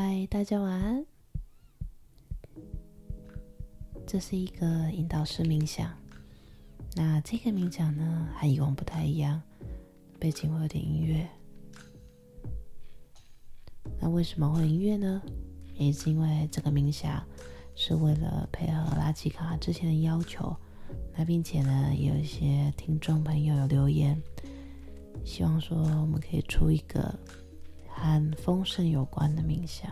嗨，大家晚安。這是一個引導式冥想。那這個冥想呢，和以往不太一樣，背景會有點音樂。那為什麼會音樂呢？也是因為這個冥想是為了配合拉綺卡之前的要求。那並且呢，也有一些聽眾朋友有留言，希望說我們可以出一個。和豐盛有關的冥想。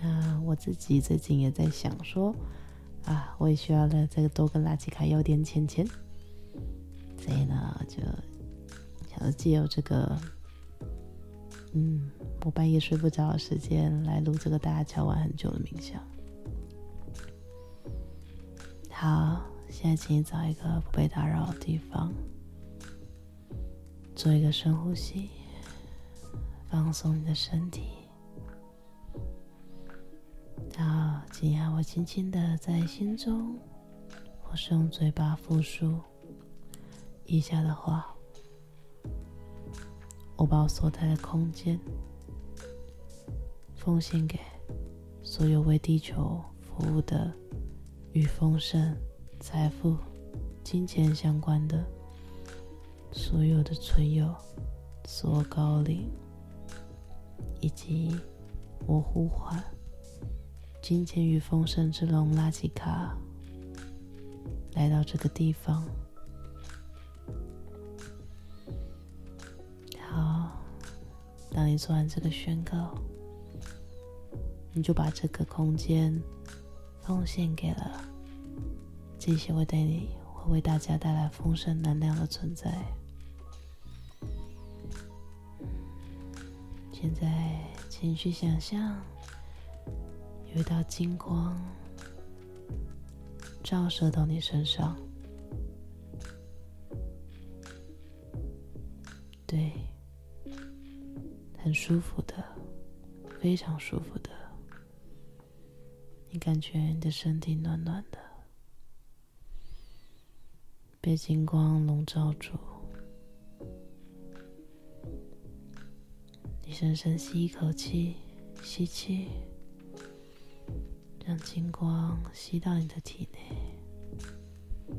那我自己最近也在想說，啊，我也需要了這個多個拉綺卡有點錢錢，所以呢，就想借由這個，嗯，我半夜睡不着的時間來錄這個大家敲碗很久的冥想。好，現在請你找一個不被打擾的地方，做一個深呼吸。放鬆你的身體，然後接下來我輕輕地在心中，我是用嘴巴複述以下的話：我把我所在的空間奉獻給所有為地球服務的與豐盛、財富、金錢相關的所有的存有，所有高靈，以及我呼喚金錢與豐盛之龍拉綺卡來到這個地方。好，當你做完這個宣告，你就把這個空間奉獻給了這些會對你會為大家帶來豐盛能量的存在。現在，請你去想象有一道金光照射到你身上，對，很舒服的，非常舒服的，你感覺你的身體暖暖的，被金光籠罩住。深深吸一口氣，吸氣，讓金光吸到你的體內，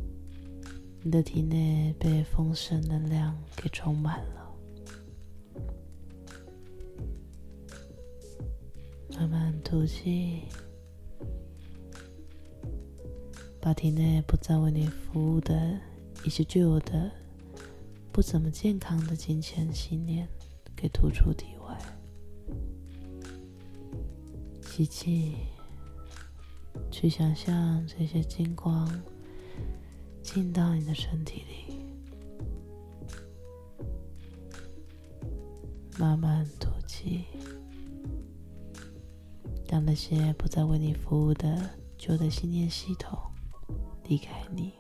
你的體內被豐盛能量給充滿了。慢慢吐氣，把體內不再為你服務的一些舊有的、不怎麼健康的金錢信念給吐出體外。吸氣，去想象這些金光進到你的身體裡，慢慢吐氣，讓那些不再為你服務的舊的信念系統離開你。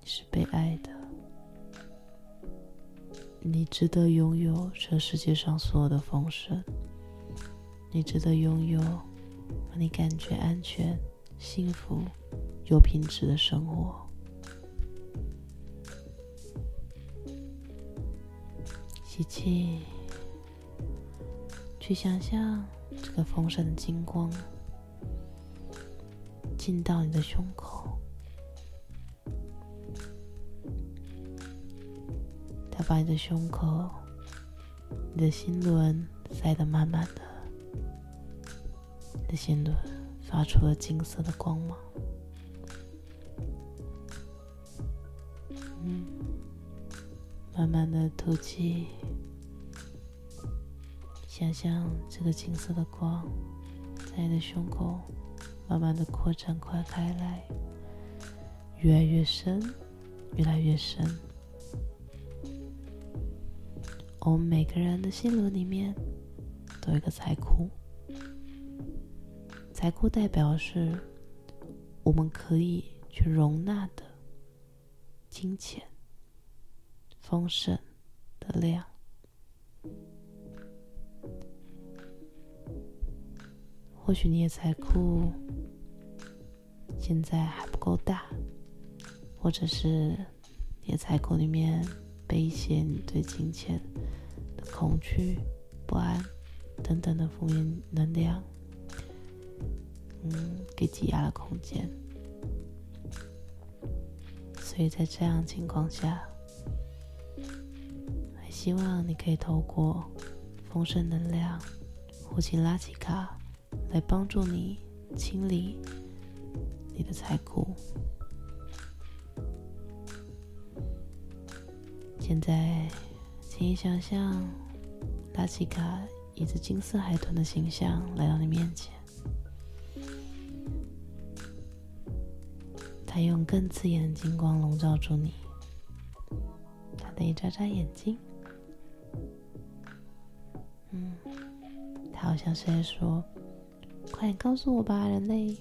你是被愛的。你值得擁有這世界上所有的豐盛，你值得擁有，讓你感覺安全、幸福有品質的生活。吸氣，去想象這個豐盛的金光進到你的胸口。把你的胸口、你的心輪塞得滿滿的，你的心輪發出了金色的光芒。嗯，慢慢的吐氣，想象這個金色的光在你的胸口慢慢的擴展、擴開來，越來越深，越來越深。我們每個人的心輪裡面都有一個財庫，財庫代表是我們可以去容納的金錢豐盛的量。或許你的財庫現在還不夠大，或者是你的財庫裡面被一些你對金錢恐懼、不安等等的負面能量，嗯，給擠壓了空間。所以在這樣情況下，還希望你可以透過豐盛能量或請拉綺卡來幫助你清理你的財庫。現在，請你想象。拉綺卡以着金色海豚的形象來到你面前，他用更刺眼的金光籠罩住你。他得意眨眨眼睛，嗯，他好像是在說：“快點告訴我吧，人類，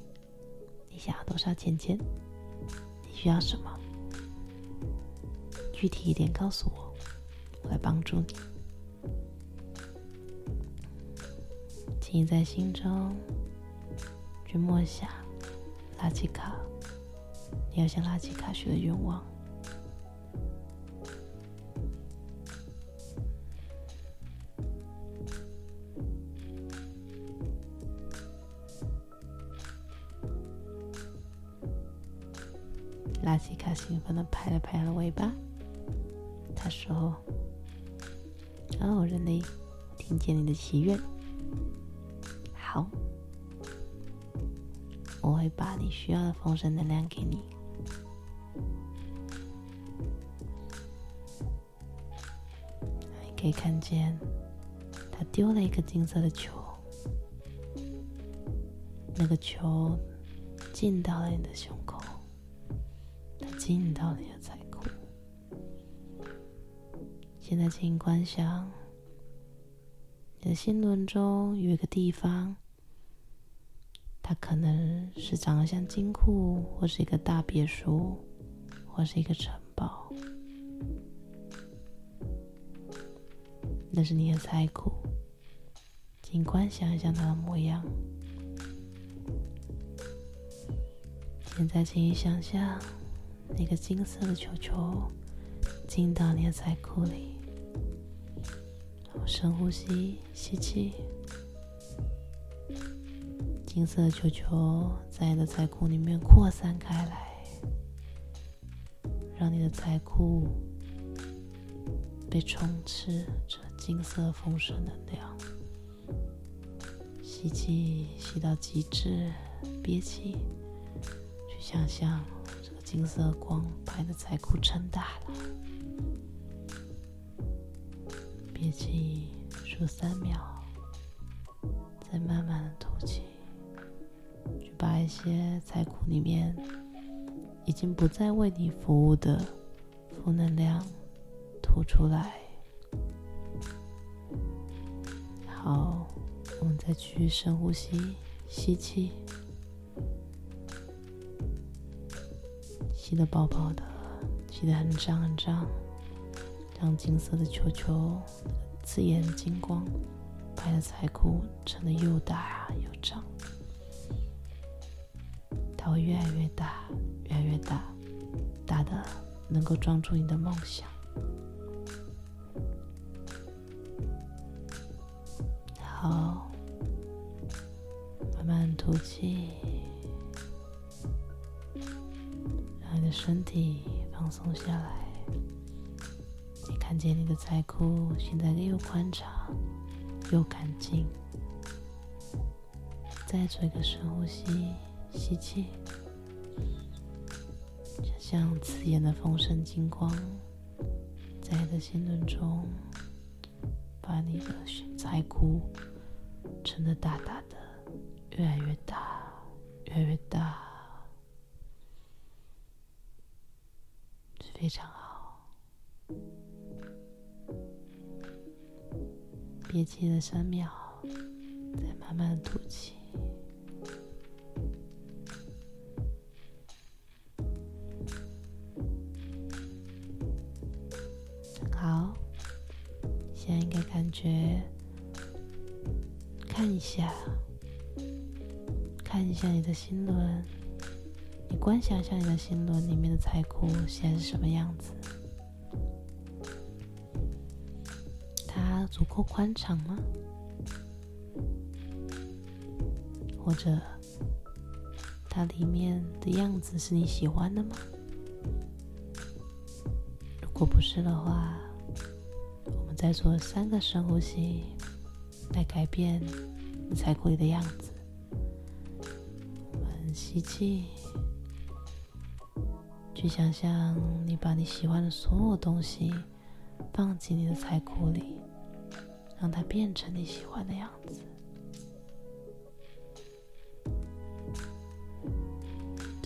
你想要多少錢錢？你需要什麼？具體一點告訴我，我來幫助你。”請你在心中，去默想拉綺卡，你要向拉綺卡許的願望。拉綺卡興奮地拍了拍他的尾巴。他說：“哦，人類，我聽見你的祈願。”會把你需要的豐盛能量給你。你可以看見，他丟了一個金色的球，那個球進到了你的胸口，它進到了你的財富財庫。現在，請觀想，你的心輪中有一個地方。它可能是長得像金庫，或是一個大別墅，或是一個城堡。那是你的財庫，請觀想一下它的模樣。現在，請你想象那個金色的球球進到你的財庫裡。然後，深呼吸，吸氣。金色的球球在你的財庫裡面擴散開來，讓你的財庫被充斥着金色豐盛能量。吸氣吸到極致，憋氣，去想象這個金色光把你的財庫撐大了。憋氣，數三秒，再慢慢的吐氣。去把一些財庫裡面已經不再為你服務的負能量吐出來。好，我們再去深呼吸，吸氣，吸得飽飽的，吸得很脹很脹，讓金色的球球刺眼的金光把你的財庫撐得又大又脹。我越來越大，越來越大，大的能夠裝住你的夢想。好，慢慢吐氣，讓你的身體放鬆下來。你看見你的財庫現在又寬敞又乾淨，再做一個深呼吸。吸氣，想象刺眼的豐盛、金光，在你的心輪，把你的胸腔鼓撐得大大的，越來越大，越來越大，非常好。憋氣的三秒，再慢慢的吐氣。應該感覺，看一下，看一下你的心輪，你觀想一下你的心輪裡面的財庫現在是什麼樣子？它足夠寬敞嗎？或者它裡面的樣子是你喜歡的嗎？如果不是的話，我們再做三個深呼吸，來改變你財庫裡的樣子。我們吸氣，去想象你把你喜歡的所有東西放進你的財庫裡，讓它變成你喜歡的樣子。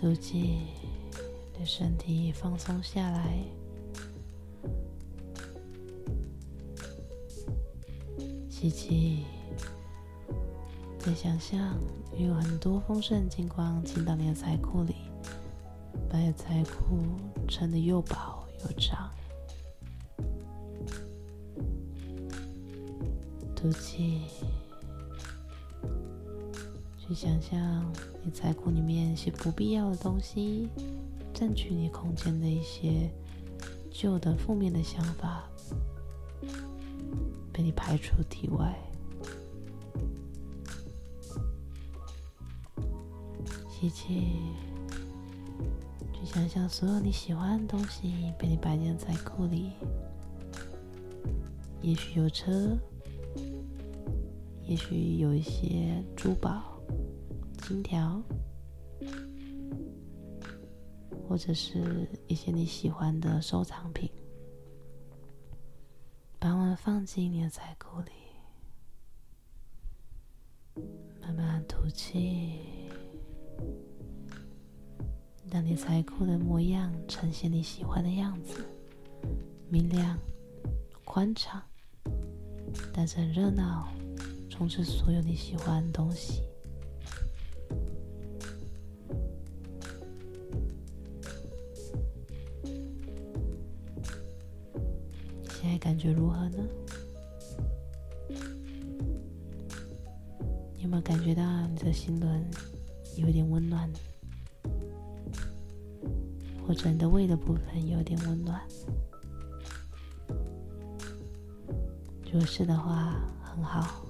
呼氣，你的身體放鬆下來。吸氣，再想象有很多豐盛的金光進到你的財庫裡，把你的財庫撐得又飽又漲。吐氣。去想象你財庫裡面一些不必要的東西，佔據你空間的一些舊的負面的想法，被你排除。以外，吸氣，去想象所有你喜歡的東西被你擺進財庫裡。也許有車，也許有一些珠寶、金條，或者是一些你喜歡的收藏品，把我們放進你的財庫裡。讓你財庫的模樣呈現你喜歡的樣子，明亮、寬敞，但是很熱鬧，充斥所有你喜歡的東西。現在感覺如何呢？我感覺到你的心輪有點溫暖，或者你的胃的部分有點溫暖。如果是的話，很好，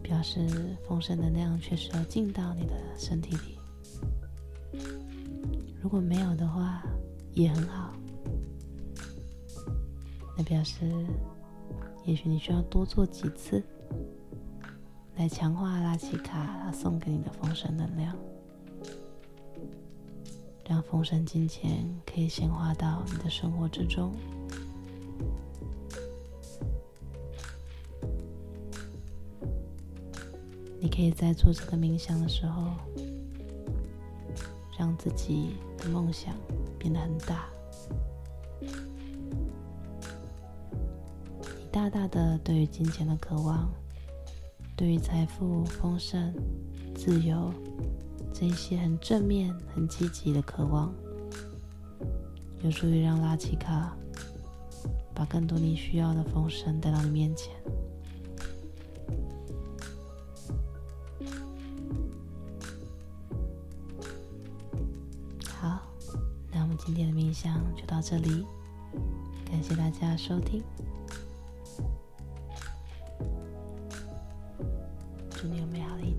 表示豐盛的能量確實要進到你的身體裡。如果沒有的話，也很好，那表示也許你需要多做幾次。來強化拉綺卡送給你的豐盛能量，讓豐盛金錢可以顯化到你的生活之中。你可以在做這個冥想的時候，讓自己的夢想變得很大，你大大的對於金錢的渴望。對於財富豐盛、自由這一些很正面、很積極的渴望，有助於讓拉綺卡把更多你需要的豐盛帶到你面前。好，那我們今天的冥想就到這裡，感謝大家收聽。祝你有美好的一天。